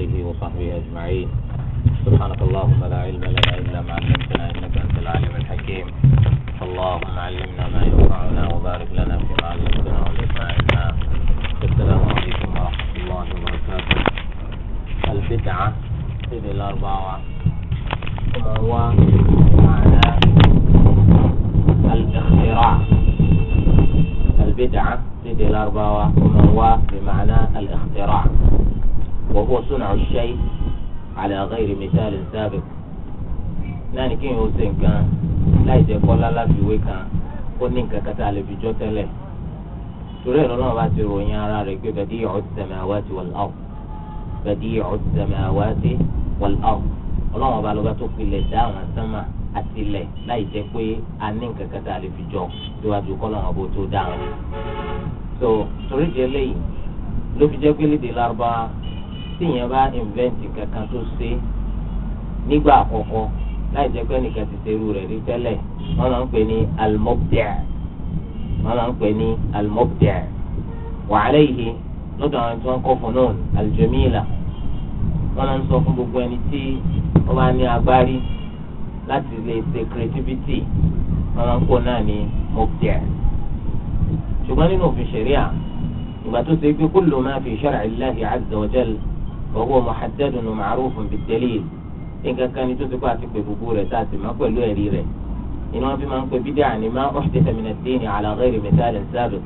آله وصحبه أجمعين سبحانك اللهم لا علم لنا إلا ما علمتنا إنك أنت العليم الحكيم اللهم علمنا ما ينفعنا وبارك لنا فيما علمتنا وانفعنا السلام عليكم ورحمة الله وبركاته البدعة إذ الأربعة وهو معنى الاختراع البدعة إذ الأربعة وهو بمعنى الاختراع وهو صنع الشيء على غير مثال سابق náà ni kéèyàn ó ṣe nǹkan láì jẹ́ kọ́lá láfiwé kan ó ní nǹkan kan tá a lè fi jọ́ tẹ́lẹ̀ torí ẹ̀rọ náà bá ti ròyìn ara rẹ̀ pé badi'u s-samawati wal-ard badi'u s-samawati wal-ard ọlọ́run ọba lọ́ba tó pilẹ̀ dá àwọn sánmà àti ilẹ̀ láì jẹ́ pé a ní nǹkan kan tá a lè fi jọ síwájú kọ́lọ́run ọba tó dá wọn. so torí di eléyìí ló fi jẹ́ pé lédè lárúbáwá tíyẹn bá invent kankan tó ṣe nígbà àkọ́kọ́ láì jẹ́ pé ẹnìkan ti ṣerú rẹ̀ rí tẹ́lẹ̀ wọ́n náà ń pè ní almobdia wọ́n náà ń pè ní almobdia wa alayhi lọ́dọ̀ àwọn tí wọ́n kọ́ fún náà aljamila wọ́n náà ń sọ fún gbogbo ẹni tí wọ́n bá ní agbárí láti lè ṣe creativity wọ́n náà ń pò náà ní mobdia ṣùgbọ́n nínú òfin ṣẹ̀ríà ìgbà tó ṣe pé kullu ma fi shar'i Allahi azza wa jalla وهو محدد ومعروف بالدليل nǹkan kan ni tó ti kó àti pé gbogbo rẹ̀ tá a sì máa pẹ̀lú ẹ̀rí rẹ̀ inú wọn fi máa ń pe bídà ní ma uhditha min ad-din ala ghayri mithalin sabiq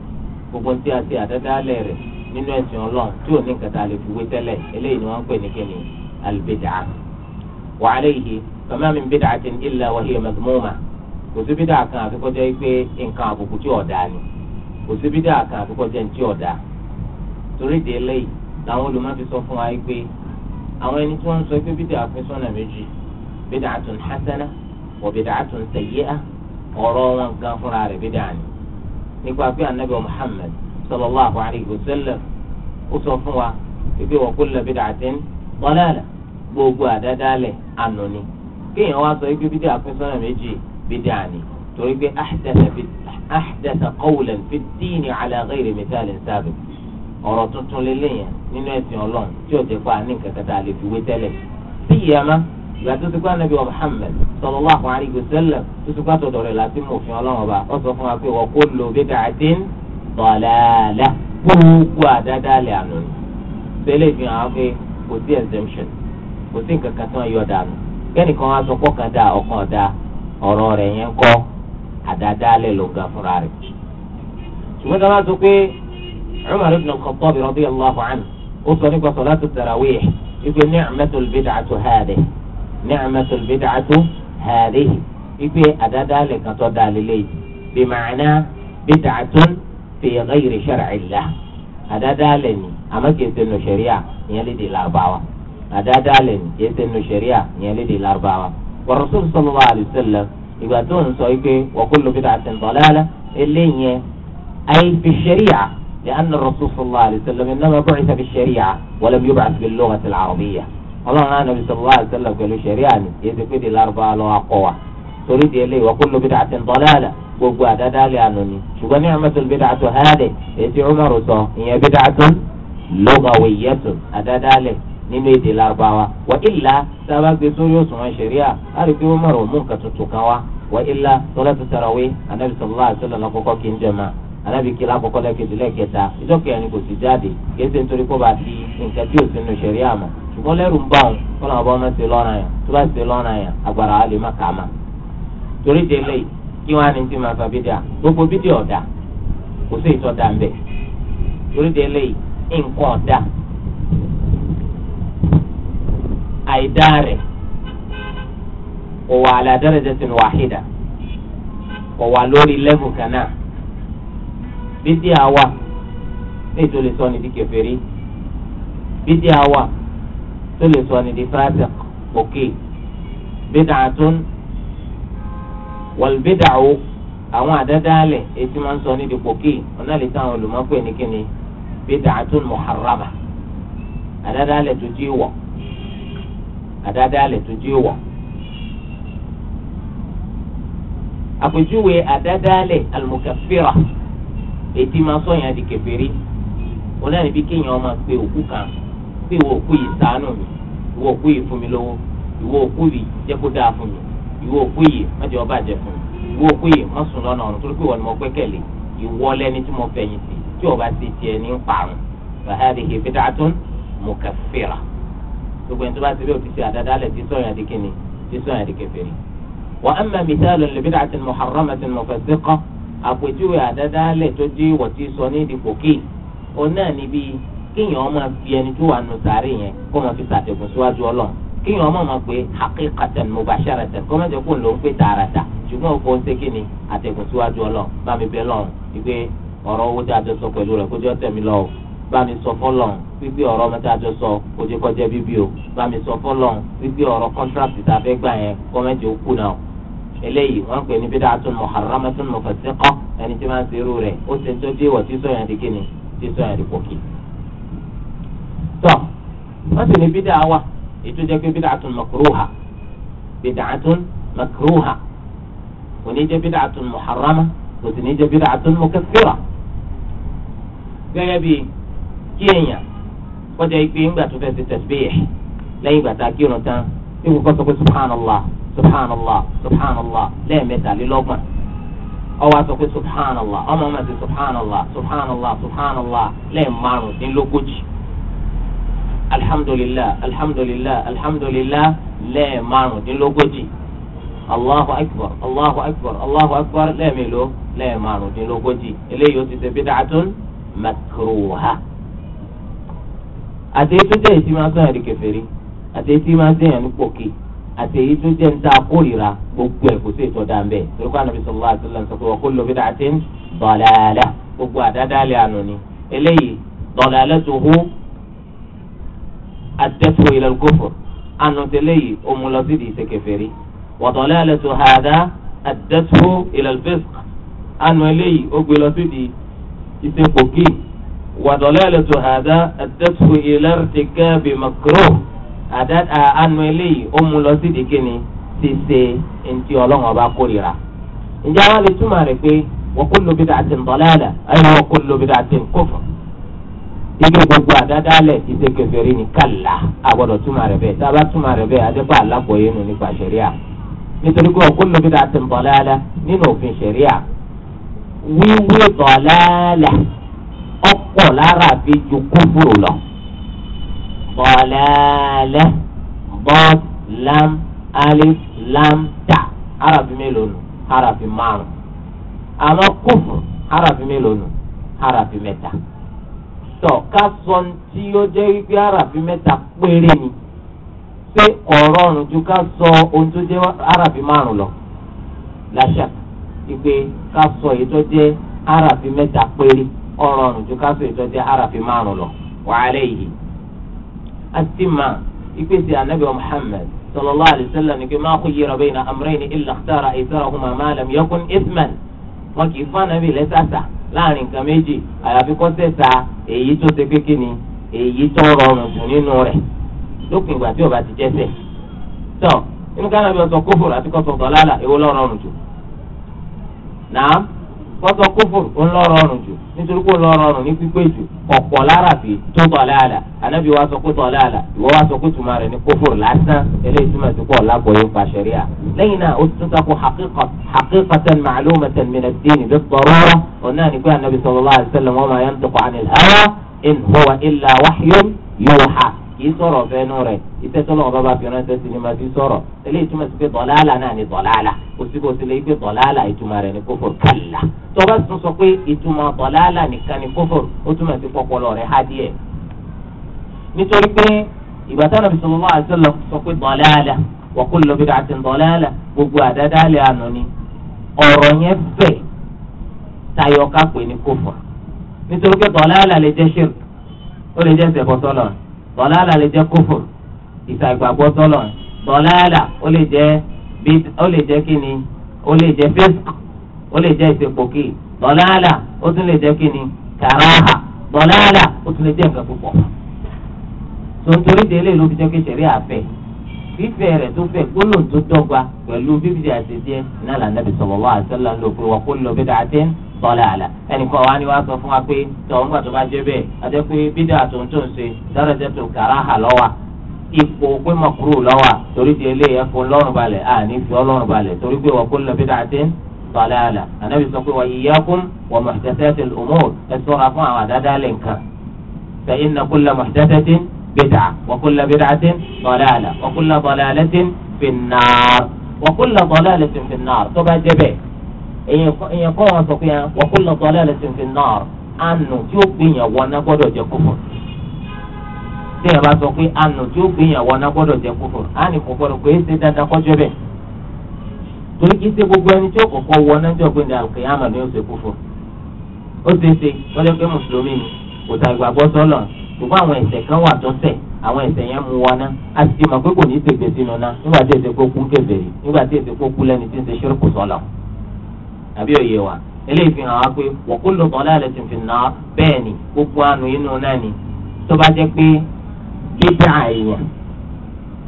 gbogbo tí a ti àdádálẹ̀ rẹ̀ nínú ẹ̀sìn ọlọ́run tí ò ní nǹkan tá a lè fi wé tẹ́lẹ̀ eléyìí ni wọ́n ń pè ní kíni al-bid'a wa alayhi fama min bid'atin illa wa hiya madhmuma kò sí bídà kan àfi kó jẹ́ pé nǹkan àbùkù tí ọ̀dà ni kò sí bídà kan àfi kó jẹ́ ní tí ọ̀dà torí de eléyìí làwọn olùmọ̀ fi sọ fún wa pé àwọn ẹni tí wọ́n ń sọ pé bídà àfin sọ́nà méjì bídà àtún hasana wọ bídà àtún sayyi'a ọ̀rọ̀ wọn gan fúnra rẹ̀ bídà ni nípa pé anabi muhammed sallallahu alayhi wa sallam ó sọ fún wa pé wa kullu bid'atin dalala gbogbo àdádálẹ̀ ànúni kéèyàn wá sọ pé bídà àfin sọ́nà méjì bídà ni torí pé ahdatha qawlan fi ddini ala ghayri mithalin sabiq ọ̀rọ̀ tuntun lélẹ́yìn nínú ẹ̀sìn ọlọ́run tí ò jẹ́ pa ní nǹkan kan tá a lè fi wé tẹ́lẹ̀ sí ìyàmá ìyàtọ̀ tó kọ́ nàbí Muhammad sallallahu alaihi wasallam tó tó kọ́ tọ̀dọ̀ rẹ̀ láti mú òfin ọlọ́run ọba ó sọ fún wa pé wọ́n kó lo bid'atin dalalah gbogbo àdádálẹ̀ àná ni tẹ́lẹ̀ fi hàn án pé kò sí exemption kò sí nǹkan kan tí wọ́n yọ dànù kẹ́nìkan wá sọ pọ́kàn dá ọkàn dá ọ̀rọ̀ rẹ̀ yẹn kọ́ àdádálẹ̀ ló ga fúnra rẹ̀ ṣùgbọ́n tí wọ́n bá sọ pé Umar ibn al-Khattab radiyallahu anhu ó sọ nípa sọ̀látù tarawih ipe ni'matul bid'atu hadhihi ni'matul bid'atu hadhihi ipe àdádálẹ̀ kan tó dá lélẹ̀ bí màánà bid'atun fi ghayri shar'illah àdádálẹ̀ ni àmọ́ kìí ṣe nù ṣẹ̀ríà ìyẹn lè di lárúbáwá àdádálẹ̀ ni kìí ṣe nù ṣẹ̀ríà ìyẹn lè di lárúbáwá wa rasul sallallahu alayhi wa sallam ìgbà tó ń sọ ipe wa kullu bid'atin dalalah eléyẹn àyè fi ṣẹ̀ríà لأن الرسول صلى الله عليه وسلم إنما بعث بالشريعة ولم يبعث باللغة العربية ọlọ́run àná bisọ lọ́wọ́ àtẹlẹ pẹ̀lú sẹ̀ríà ni èsì pé di lárúbá lọ́wọ́ akọ wa torí di eléyìí wọ́n kó lóbi dà àti ntọ́láàlà gbogbo àdádálẹ̀ àná ni ṣùgbọ́n ní àmọ́tòlù bí dàtò hádẹ̀ èsì Umaru sọ ìyẹn bí dàtò lughawiyyatun àdádálẹ̀ nínú èdè lárúbá wa wà ilà sábà gbé sórí òṣùwọ̀n sẹ̀ríà láti fi Umaru mú nǹkan tuntun kan wa wà ilà tọ́lá ti sàràwé àná bisọ lọ́wọ́ àtẹlẹ lọ́kọ́kọ́ kí ń jẹ máa alábìkí lákòókò lẹ́kẹ̀dé lẹ́kẹta ìjọ kẹrin kò sì jáde kéésì nítorí kó bá di nǹkan tí ò sínú ṣẹ̀rí àmọ́ ṣùgbọ́n lẹ́rù ń bá òun kó làwọn ọba ọmọ ṣe lọ́ra yàn tó bá ṣe lọ́ra yàn agbára wa lè má kà á ma. torí délé kí wọ́n á ní tí màá fa bídíà gbogbo bídíà ọ̀dà kò sí ìtọ́ da ń torí délé nǹkan ọ̀dà àìdá rẹ̀ kò wà àlàdá rẹ̀ jẹ́ sinú wàhídà kò wà lórí lẹ́bù kan náà bídí àwa léyìí tó lè sọ ní di kèfèrí bídí àwa tó lè sọ ní di fásik òkè bídàtún wàlbídàwó àwọn àdádálẹ̀ etí máa ń sọ ní di pòkè ọ̀nà lè táwọn olùmọ̀pẹ̀ ní kíni bídàtún muharrama àdádálẹ̀ tó jí wọ̀ àdádálẹ̀ tó jí wọ̀. àpèjúwe àdádálẹ̀ almukaffira ètí máa sọ yẹn di kèfèrí olóyìn bí kéèyàn máa pe òkú kan pé ìwọ òkú yìí ṣàánú mi ìwọ òkú yìí fún mi lówó ìwọ òkú yìí jẹ́ kó dáa fún mi ìwọ òkú yìí má jẹ́ ó bàjẹ́ fún mi ìwọ òkú yìí má sùn lọ́nà ọ̀run torí pé ìwọ ni mo gbẹ́kẹ̀lé ìwọ lẹ́ni tí mo fẹ̀yìn tì tí ó ti tiẹ̀ ní parun fahadihi bid'atun mukaffira gbogbo ẹni tó bá ti rí òtítí àdádálẹ̀ tí sọ̀rọ̀ yẹn di yẹn di kèfèrí. wa amma mithalun àpèjúwe àdádálẹ̀ tó dé ìwọ̀tí sọ ní ìdìpọ̀ kí òun náà níbi kíyàn máa fi ẹni tó wà nù sàárè yẹn kó máa fi sàtẹ̀kùn síwájú ọlọ́run kíyàn máa máa pé haqiqatan mubasharatan kó má jẹ́ kó ló ń pè tààràtà ṣùgbọ́n òkò ń sékè ni àtẹ̀kùn síwájú ọlọ́run bá mi bẹ lọ́run wípé ọ̀rọ̀ owó dájọ́ sọ pẹ̀lú rẹ̀ kó jẹ́ tẹ̀mí lọ́wọ́ bá mi sọ fọlọ́run wípé ọ̀rọ̀ ọmọ tájọ́ sọ kó jẹ́ kọjá bíbí o bá mi sọ fọlọ́run wípé ọ̀rọ̀ kọ́ńtrákì tá a fẹ́ gbà yẹn kọ́mẹ́jì ó kù náà eléyìí wọ́n pè ní bid'atun muharramatun mufassiqa ẹni tí wọ́n ń serú rẹ̀ ó ṣe tó dé wọ̀ tí sọ yẹn di kíni tí sọ yẹn di pòkì. tọ́ wọ́n sì ní bídà wà ètò jẹ́ pé bid'atun makruha bid'atun makruha kò ní jẹ́ bid'atun muharrama kò sì ní jẹ́ bid'atun mukaffira. gẹ́gẹ́ bí kí èèyàn kọjá ipe ńgbà tó fẹ́ ṣe tasbih lẹ́yìn ìgbà tá a kírun tán ikú sọ pé subhanallah subhanallah subhanallah lẹ́ẹ̀mẹ́tàlélọ́gbọ̀n ọwọ́ aṣọ pé subhanallah ọmọ ọmọ ti subhanallah subhanallah subhanallah lẹ́ẹ̀márùndínlógójì alhamdulillah alhamdulillah alhamdulillah lẹ́ẹ̀márùndínlógójì allahu akbar allahu akbar allahu akbar lẹ́ẹ̀mélòó lẹ́ẹ̀márùndínlógójì eléyìí ó ti ṣe bídàtún makruha àti ètò jẹ́ ìsí máa sọ̀rọ̀ di kèfèrí àti ètò máa sẹ́yìn ní pòkì àti èyí tó jẹ́ nta kórìíra gbogbo ẹ̀ kò sí ètò dàmbẹ́ toríko ànábi sallallahu alaihi wasallam sọ pé wa kullu bid'atin dalalah gbogbo àdádálẹ̀ àná ni eléyìí dalalatuhu addatuhu ila al-kufr àná tẹ́lẹ̀yìí òun lọ sí di ìsèkèfèrí wa dalalatu hadha addatuhu ila àná eléyìí ó gbé lọ sí di ìsèkòkì wa dalalatu hadha addatuhu ila Uh, àánú eléyìí ó mú lọ sí ìdíkè ni ṣíṣe ntí ọlọ́run ọba kórìíra. ǹjẹ́ àwọn lè túmọ̀ rẹ̀ pé wa kullu bid'atin dalalah ayé wa kullu bid'atin kufr. ibi gbogbo àdádálẹ̀ ìṣe kèfèrí ni kàlá àgbọ̀dọ̀ túmọ̀ rẹ̀ bẹ́ẹ̀ tá a bá túmọ̀ rẹ̀ bẹ́ẹ̀ adébá alákòóyè nù nípa ṣẹ̀ríà. nítorí pé wa kullu bid'atin dalalah nínú òfin ṣẹ̀ríà wíwí dalalah ọ̀pọ̀ lára fi ju kúfùrù lọ. ضلالة ضاد لام ألف لام تاء حرف مélòó nù حرف márùn àmọ́ kúfù حرف mélòó حرف tọ tí ó jẹ́ wípé àràfi mẹ́ta péré ni pé ọ̀rọ̀rùn ju ká sọ ohun tó jẹ́ márùn lọ láṣà wípé ká sọ èyí tó jẹ́ àràfi mẹ́ta péré ọ̀rọ̀rùn ju ká sọ lọ wàhálẹ́ yìí. àti mà ìpèsè ànábì Muhammad sallallahu alayhi wa sallam ni pé ma khuyyira bayna amrayni illa ikhtara aitharahuma ma lam yakun ithman wọn kì í fún ànábì lẹ́sàsà láàrin nǹkan méjì àyàfi kó sẹ̀sà èyí tó ṣe pé kíni èyí tó rọrùn jù nínú rẹ̀ lópin ìgbà tí ó bá ti jẹ́sẹ̀ tó inú ká ànábì ọ̀sọ̀ kófòrò àti kọ́sọ̀ dọ̀lálà èwo ló rọrùn jù náà kọ́sọ̀ kófòrò ń lọ rọrùn jù nítorí kó lọ rọrùn ní pípé jù ọ̀pọ̀ lára fi tó tọ̀láàlà ànábì wa sọ pé tọ̀láàlà ìwọ wa sọ pé tùmọ̀ rẹ̀ ní kófòrò lásán eléyìí túmọ̀ sí pọ̀ lágbóyè pa ṣẹ̀ríà lẹ́yìn náà ó tún takò haqiqatan ma'lumatan min ad-din bid-darura òun náà ní pé ànábì sallallahu alaihi wasallam wa ma yantiqu 'anil hawa in huwa illa wahyun yuha kì í sọ̀rọ̀ fẹ́nu rẹ̀ iṣẹ́ tó lọ́wọ́ bá fi ránṣẹ́ sí ni máa fi sọ̀rọ̀ eléyìí túmọ̀ sí pé dọ̀láàlà náà ni dọ̀láàlà kò síbi òsèlè gbé dọ̀láàlà ìtumọ̀ rẹ̀ ní kófòr kàlà tó bá tún sọ pé ìtumọ̀ dọ̀láàlà nìkan ni kófòr ó túmọ̀ sí pọpọlọ rẹ̀ há díẹ̀. nítorí pé ìgbà táwọn Ànábì sallallahu alaihi wasallam sọ pé dọ̀láàlà wa kullu bid'atin dọ̀láàlà gbogbo àdádálẹ̀ àná ni ọ̀rọ̀ yẹn fẹ̀ tayọ ká pè ní kófòr nítorí pé dọ̀láàlà lè dọ̀làlà lè jẹ́ kófò ìsàgbàgbọ́ tọ́lọ̀ dọ̀làlà ó lè jẹ́ bid ó lè jẹ́ kíni ó lè jẹ́ fisk ó lè jẹ́ ìsèpòkì dọ̀làlà ó tún lè jẹ́ kíni kàráhà dọ̀làlà ó tún lè jẹ́ nǹkan púpọ̀. ló fi jẹ́ kí sẹ̀rí àfẹ́ fífẹ́ rẹ̀ tó fẹ́ gbólóhùn tó dọ́gba pẹ̀lú bíbí àti díẹ̀ náà lànà bọ́lá àlà ẹnìkan wa ni wàá sọ fún wa pé tọ̀hún gbà tó bá jẹ́ bẹ́ẹ̀ àti pé bídà tó ń tó ń ṣe dárẹ́jẹ́ tó kàrá hà lọ́wà ipò pé mọ̀kúrò lọ́wà torí di eléyẹ fún lọ́rùn balẹ̀ àní fi ọlọ́run balẹ̀ torí pé wọ́n kó lọ bídà àti bọ́lá àlà ànábì sọ pé wà iyyakum wa muhdathatil umur ẹ sọ́ra fún àwọn àdádálẹ̀ nǹkan fa inna kulla muhdathatin bid'ah wa kulla bid'atin dalalah wa kulla dalalatin fin nar wa kulla dalalatin fin nar èèyàn kọ́ wọn sọ pé wọ́n kó lọ́tọ́ lẹ́lẹ́sìn fi náà àánú tí ó gbé yàn wọná gbọ́dọ̀ jẹ́ kófò tí yàn bá sọ pé àánú tí ó gbé yàn wọná gbọ́dọ̀ jẹ́ kófò àánú kò gbọ́dọ̀ pé ṣe dandan kọjọ́ bẹ̀ torí kí ṣe gbogbo ẹni tí ó kọ́kọ́ wọná jọ pé ní àlùkò yàmà ni ó ṣe kófò ó ṣe é ṣe wọ́n pé mùsùlùmí ni kò tà ìgbàgbọ́ sọ́lọ̀ ṣùgbọ́n àwọn ẹ̀ṣẹ̀ kan wà tó ṣẹ̀ àwọn ẹ̀ṣẹ̀ yẹn mú wọná a sì ti mọ̀ pé kò ní í ṣègbè sínú ná nígbà tí èsè kó kú kébèrè nígbà tí èsè kó kú lẹ́ni tí ń ṣe ṣírùkù sọ́lọ̀ àbí òye wa eléyìí fi hàn wá pé wa kullu dalalatin fin nar bẹ́ẹ̀ ni gbogbo àánú inú náà ni tó bá jẹ́ pé dídá èèyàn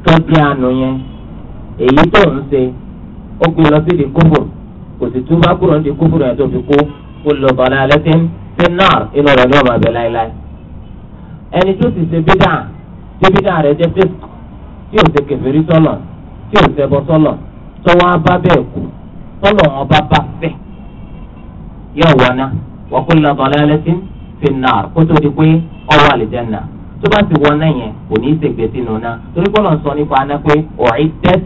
tó dé àánú yẹn èyí tó ń ṣe ó gbé lọ sí di kófò kò sì túbá kúrò ní di kófò rẹ̀ tó fi kó kullu dalalatin fin nar inú rẹ̀ ní ọ̀bà bẹ̀ láéláé ẹni tó sì ṣe bídà tí bídà rẹ̀ jẹ́ fẹ́ẹ́ tí ò ṣe kèfèrí sọ́nà tí ò ṣẹbọ sọ́nà tọ́wọ́ á bá bẹ́ẹ̀ kú tọ́lọ̀ wọn bá bá fẹ́ yóò wọná wa kullu dalalatin fi nnar kó tó di pé ọwọ́ àlìjẹ́nà tó bá ti wọná yẹn kò ní í ṣègbè sínú ná torí pé ọlọ́run sọ nípa aná pé u'iddat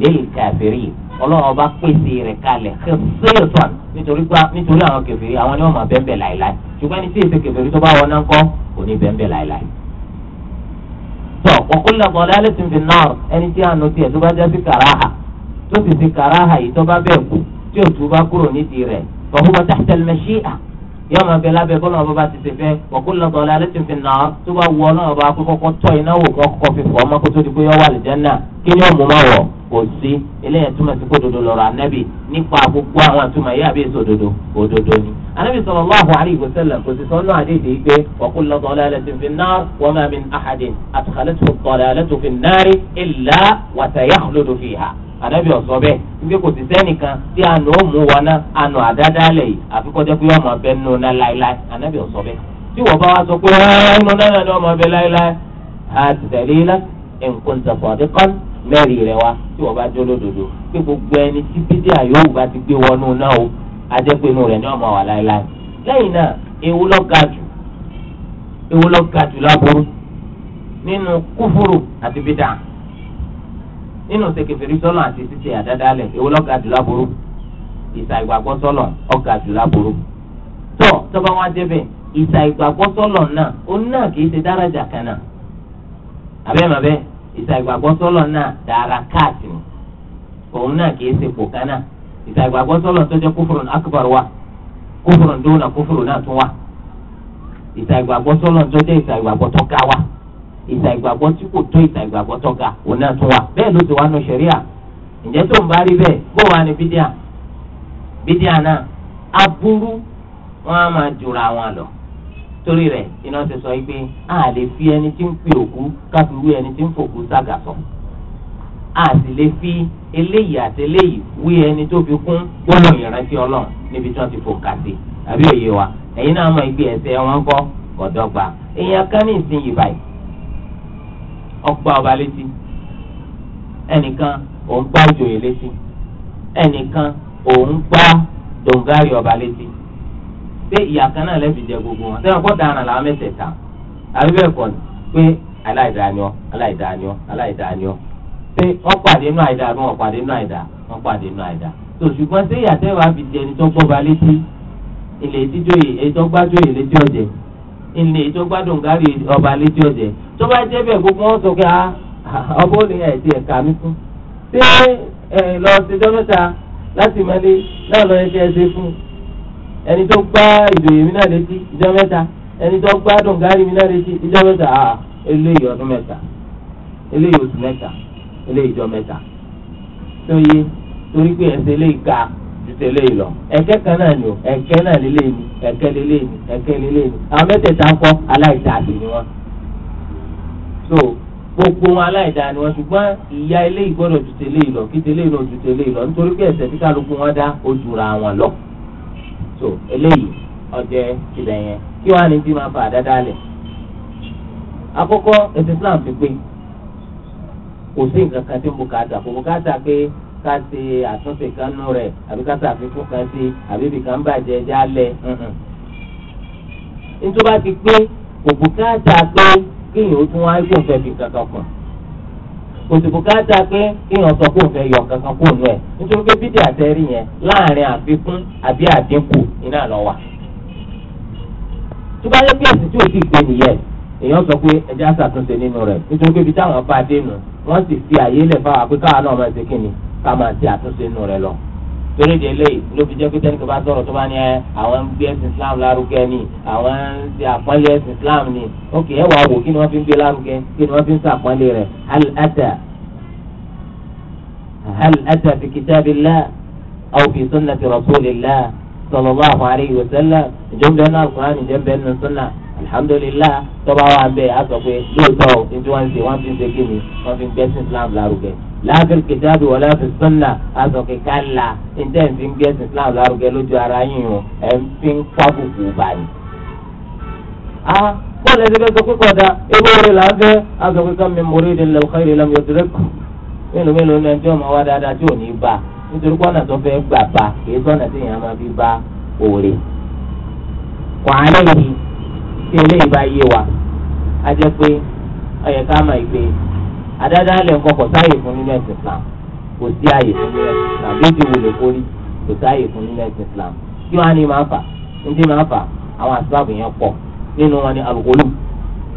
lil kafirin ọlọ́run ọba pèsè rẹ̀ kalẹ̀ ṣéèfàn nítorí àwọn kèfèrí àwọn ni wọ́n máa bẹ́ẹ̀ bẹ́ẹ̀ láìláì ṣùgbọ́n ní tí èsè kèfèrí tó bá wọná ńkọ́ kò ní bẹ́ẹ̀ bẹ́ẹ̀ láìláì tọ wa kullu dalalatin fi nnar ẹni tí a nù tiẹ̀ tó bá jẹ́ sí kàráhà tó sì fi kàráhà yìí tó bá bẹ̀ kú tí ò tú bá kúrò nídìí rẹ̀ ọ̀hún wọ́n tahta al-mashi'a yóò máa bẹ lábẹ́ bọ́lá ọba bá ti ṣe fẹ́ ọ̀kú lọ́dọ̀ ọ̀la lẹ́tì fi nà ọ́ tó bá wọ ọlọ́run ọba akókókó tọ́ iná wò kọ́ kọ́ fi fọ́ ọmọ kó tó di pé yọ wà lìjánná kí ni ọ̀mù wọ̀ kò sí eléyàn túmọ̀ sí kódodo lọ́rọ̀ anábì nípa gbogbo àwọn àtúmọ̀ yìí àbí èso òdodo òdodo ni. anábì sallallahu alaihi wasallam kò sì sọ́nà àdéhìí ìgbé ọ̀kún lọ́dọ̀ ọ̀la lẹ́tì fi nà wa ma min ahadin adkhalathu ad-dalalatu fi ànábì ọ̀sọ́ bẹ́ẹ̀ wípé kò sí sẹ́nìkan tí àna ó mú wọná àna àdádálẹ̀ yìí àfikọ́jẹ́ pé ọmọ abẹ nù ná láéláé ànábì ọ̀sọ́ bẹ́ẹ̀ tí wọ́n bá wá sọ pé ẹnu náà ni ọmọ abẹ láéláé àtẹ̀lé ilá nǹkan ìtàkùnrin kan mẹ́rin rẹ̀ wá tí wọ́n bá jó lódodo pé gbogbo ẹni tí bídí àyòwò bá ti gbé wọnú náà o ajẹ́pẹ́nu rẹ̀ ni ọmọ wà láéláé lẹ́yìn náà ewu ló ga jù ewu ló ga jù láburú nínú kúfúrú àti nínú sekeferi sọlọ àti títí àdádálẹ̀ èwo lọ́gà jù láboró ìsà ìgbàgbọ́ sọlọ ọ̀gà jù láboró tó tọ́ba wá débẹ̀ ìsà ìgbàgbọ́ sọlọ náà òun náà kì í ṣe dáradà kan náà àbẹ́ màbẹ́ ìsà ìgbàgbọ́ sọlọ náà dára káàtì ni òun náà kì í ṣe pò kan náà ìsà ìgbàgbọ́ sọlọ tó jẹ́ kúfùrùn akbar wa kúfùrùn na kúfùrùn náà tún wa ìsà ìgbàgbọ́ sọlọ tó jẹ́ ìsà ìgbàgbọ́ tó ká wa ìta ìgbàgbọ́ tí kò tó ìta ìgbàgbọ́ tó ga òun náà tún wà bẹ́ẹ̀ ló ti wá nu ṣẹ̀ríà ǹjẹ́ tó ń bá rí bẹ́ẹ̀ bó wà ní bídíà bídíà náà aburú wọn á máa jura wọn lọ torí rẹ̀ iná ti sọ pé a lè fi ẹni tí ń pè òkú káfí wí ẹni tí ń fòkú sága sọ a sì lè fi eléyìí àti eléyìí wí ẹni tó fi kún gbọ́dọ̀ ìrántí ọlọ́run níbi tí wọ́n ti fò kàdé àbí òye wa ẹ̀yin náà mọ̀ ìgbé ẹsẹ̀ wọn kọ́ kọ̀dọ́gba èèyàn kan ní ìsinyìí báyìí ọgbà ọba létí ẹnìkan òun gbá ìjòyè létí ẹnìkan òun gbá dòǹgárì ọba létí pé ìyà kan náà lẹ́bi jẹ gbogbo wọn sẹ́wọ̀n kọ́ daran làwọn mẹ́tẹ̀ẹ̀ta àbí bẹ́ẹ̀ kọ́ ni pé aláìdániọ́ aláìdániọ́ aláìdániọ́ pé wọ́n pàdé inú àìdá àbí wọ́n pàdé inú àìdá wọ́n pàdé inú àìdá tó ṣùgbọ́n sẹ́yà tẹ́wàá fi di ẹni tó gbọ́ba létí ilé ìdíjọ́ yìí èyí létí ọ̀jẹ̀ ilé tó gbádùn gárì ọba létí ọ̀jẹ̀ tó bá jẹ́ bẹ́ẹ̀ gbogbo wọn sọ pé ah, ọba ò ní ẹ̀ ti ẹ̀ka mi fún ṣé ẹ lọ ṣèjọ́ mẹ́ta láti mẹ́lẹ́ náà lọ ẹ̀ṣẹ̀ ẹ̀ṣẹ̀ fún ẹni tó gbá ìdòyè mi náà létí ìjọ́ mẹ́ta ẹni tó gbádùn gárì mi náà létí ìjọ́ mẹ́ta ah, eléyìí ọdún mẹ́ta eléyìí oṣù mẹ́ta eléyìí ìjọ́ mẹ́ta tó yé torí pé ẹ̀ṣẹ̀ eléyìí ga títí eléyìí lọ ẹ̀kẹ́ kan náà ni o ẹ̀kẹ́ náà lélẹ̀ ni ẹ̀kẹ́ lélẹ̀ ni ẹ̀kẹ́ lélẹ̀ ni àwọn mẹ́tẹ̀ẹ̀ta ń kọ́ aláìdáàbì ni wọ́n so gbogbo wọn aláìdáa ni wọ́n ṣùgbọ́n ìyà eléyìí gbọ́dọ̀ ju tẹ́lẹ̀ lọ kí tẹ́lẹ̀ lọ ju tẹ́lẹ̀ lọ nítorí pé ẹ̀ṣẹ̀ tí kálukú wọn dá ó jura wọn lọ so eléyìí ọjẹ tìlẹ yẹn kí wọn á ní bí máa fa Islam fi pé kò sí nǹkan kan tí mo kà á dà kò ká ṣe àtúnṣe kan nù rẹ̀ àbí ká ṣàfikún kan sí àbí ibìkan bàjẹ́ ẹja lẹ̀ nítorí bá ti pé kò bùkátà pé kéèyàn ó tún wá kó fẹ́ fi kankan kàn kò sì bùkátà pé kéèyàn sọ kó fẹ́ yọ kankan kó nù ẹ̀ nítorí pé bídìí àtẹ́rí yẹn láàrin àfikún àbí àdínkù iná lọ wà tó bá yẹ kí ẹ̀sìn tí ò sì gbé nìyẹn èèyàn sọ pé ẹja ṣàtúnṣe nínú rẹ̀ nítorí pé ibi táwọn bá dé nù wọ́n sì fi àyè lẹ̀ fáwọn àpékáwá náà máa ṣe kí ká máa ṣe àtúnṣe nù rẹ lọ torí de lé ló fi jẹ́ pé tẹ́nìkan bá sọ̀rọ̀ tó bá ní ẹ àwọn ń gbé ẹ̀sìn Islam lárugẹ ni àwọn ń ṣe àpọ́nlé ẹ̀sìn Islam ni ok ẹ wàá wò kí ni wọ́n fi ń gbé lárugẹ kí ni wọ́n fi ń ṣàpọ́nlé rẹ̀ hal ata hal ata fi kitabillah aw fi sunnati rasulillah sallallahu alayhi wa sallam ìjọba náà kùránì ìjọba náà sunna alhamdulillah tọ́ba wa bẹ́ẹ̀ á sọ pé lóòótọ́ ìjọba ń ṣe wọ́n fi ń ṣe kí ni wọ́n fi ń gbẹ́sìn Islam lárugẹ láàfin kìtàbí wọlé àfi sọ́nà àtọ̀kì kálá ǹjẹ́ ẹ̀ fi ń gbé ẹ̀sìn Islam lárugẹ lójú ara yín o ẹ̀ ń fi ń pàbùkù báyìí. a bọ́ọ̀lù ẹ̀sìn kẹsàn-án pípọ̀ dá ewu orin là ń fẹ́ àtọ̀kì kan mi mórí ìdílé ọ̀kọ́ ìrìlẹ̀ mi òtún rẹ́kù. mélòó mélòó ní ẹjọ́ ọmọ wa dáadáa tí ò ní bá nítorí pọ́nà tó fẹ́ gbà bá kì í sọ́nà tí èèyàn máa fi bá òòrè. kọ́ adáadáa lẹ̀ ń kọkọ̀ sáàyè fún nínú ẹ̀sìn Islam kò sí àyè fún nínú ẹ̀sìn Islam bí ti wulè kórí kò sáàyè fún nínú ẹ̀sìn Islam kí wọ́n á ní máa fà ndí máa fà àwọn àsìbáàbù yẹn pọ̀ nínú wọn ni alukolu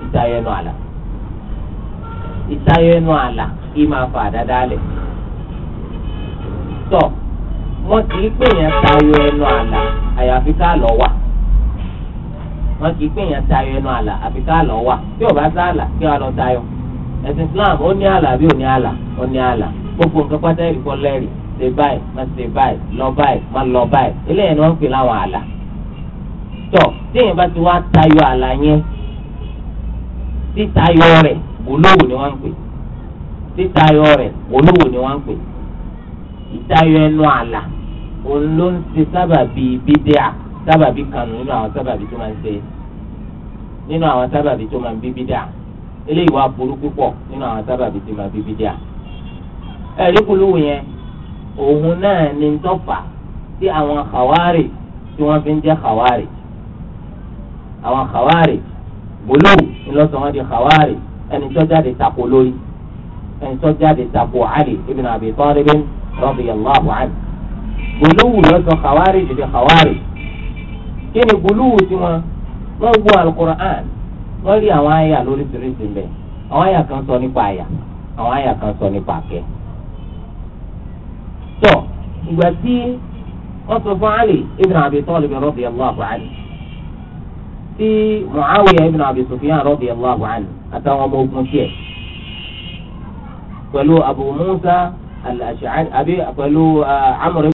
ìtayẹnu àlà ìtayẹnu àlà kí máa fà adáadáa lẹ̀ tọ́ wọ́n kì í pè yẹn tayọ ẹnu àlà àyàfi ká lọ wà wọ́n kì í pè yẹn tayọ àlà àfi ká lọ wà tí ò bá sá àlà kí wọ́n lọ tayọ ẹ̀sìn Islam ó ní àlà àbí ò ní àlà ó ní àlà gbogbo nǹkan pátá ẹ̀rí kọ́ lẹ́rìí ṣe báyìí má ṣe báyìí lọ báyìí má lọ báyìí eléyìí ni wọ́n ń pè láwọn àlà tó téèyàn bá ti wá tayọ àlà yẹn títayọ rẹ̀ olówó ni wọ́n ń pè títayọ rẹ̀ olówó ni wọ́n ń pè ìtayọ ẹnu àlà òun ló ń ṣe sábàbí bídíà sábàbí kanu nínú àwọn sábàbí tó máa ń ṣe nínú àwọn sábàbí tó máa ń bí bídíà eléyìí wàá burú púpọ̀ nínú àwọn sábàbí tí màá bíbí díà ẹ̀rí polówó yẹn òun náà ni ń tọ́fà tí àwọn kàwárì tí wọ́n fi ń jẹ́ kàwárì àwọn kàwárì gbólóhù ńlọsọ wọn di kàwárì ẹni tó jáde tako lórí ẹni tó jáde tako Ali ibn Abi Talib radiyallahu anhu gbólóhù lọsọ kàwárì dìde kàwárì kí ni gbólóhù tiwọn wọn gbọ́ al-Qur'an wọ́n rí àwọn àyà lóríṣiríṣi mbẹ àwọn àyà kan sọ nípa àyà àwọn àyà kan sọ nípa àkẹ́. tó ìgbà tí wọ́n sọ fún Ali ibn Abi Talib radiyallahu anhu tí Muawiya ibn Abi Sufyan radiyallahu anhu àtàwọn ọmọ ogun tiẹ̀ pẹ̀lú Abu Musa al-Ash'ari pẹ̀lú ah, Amr.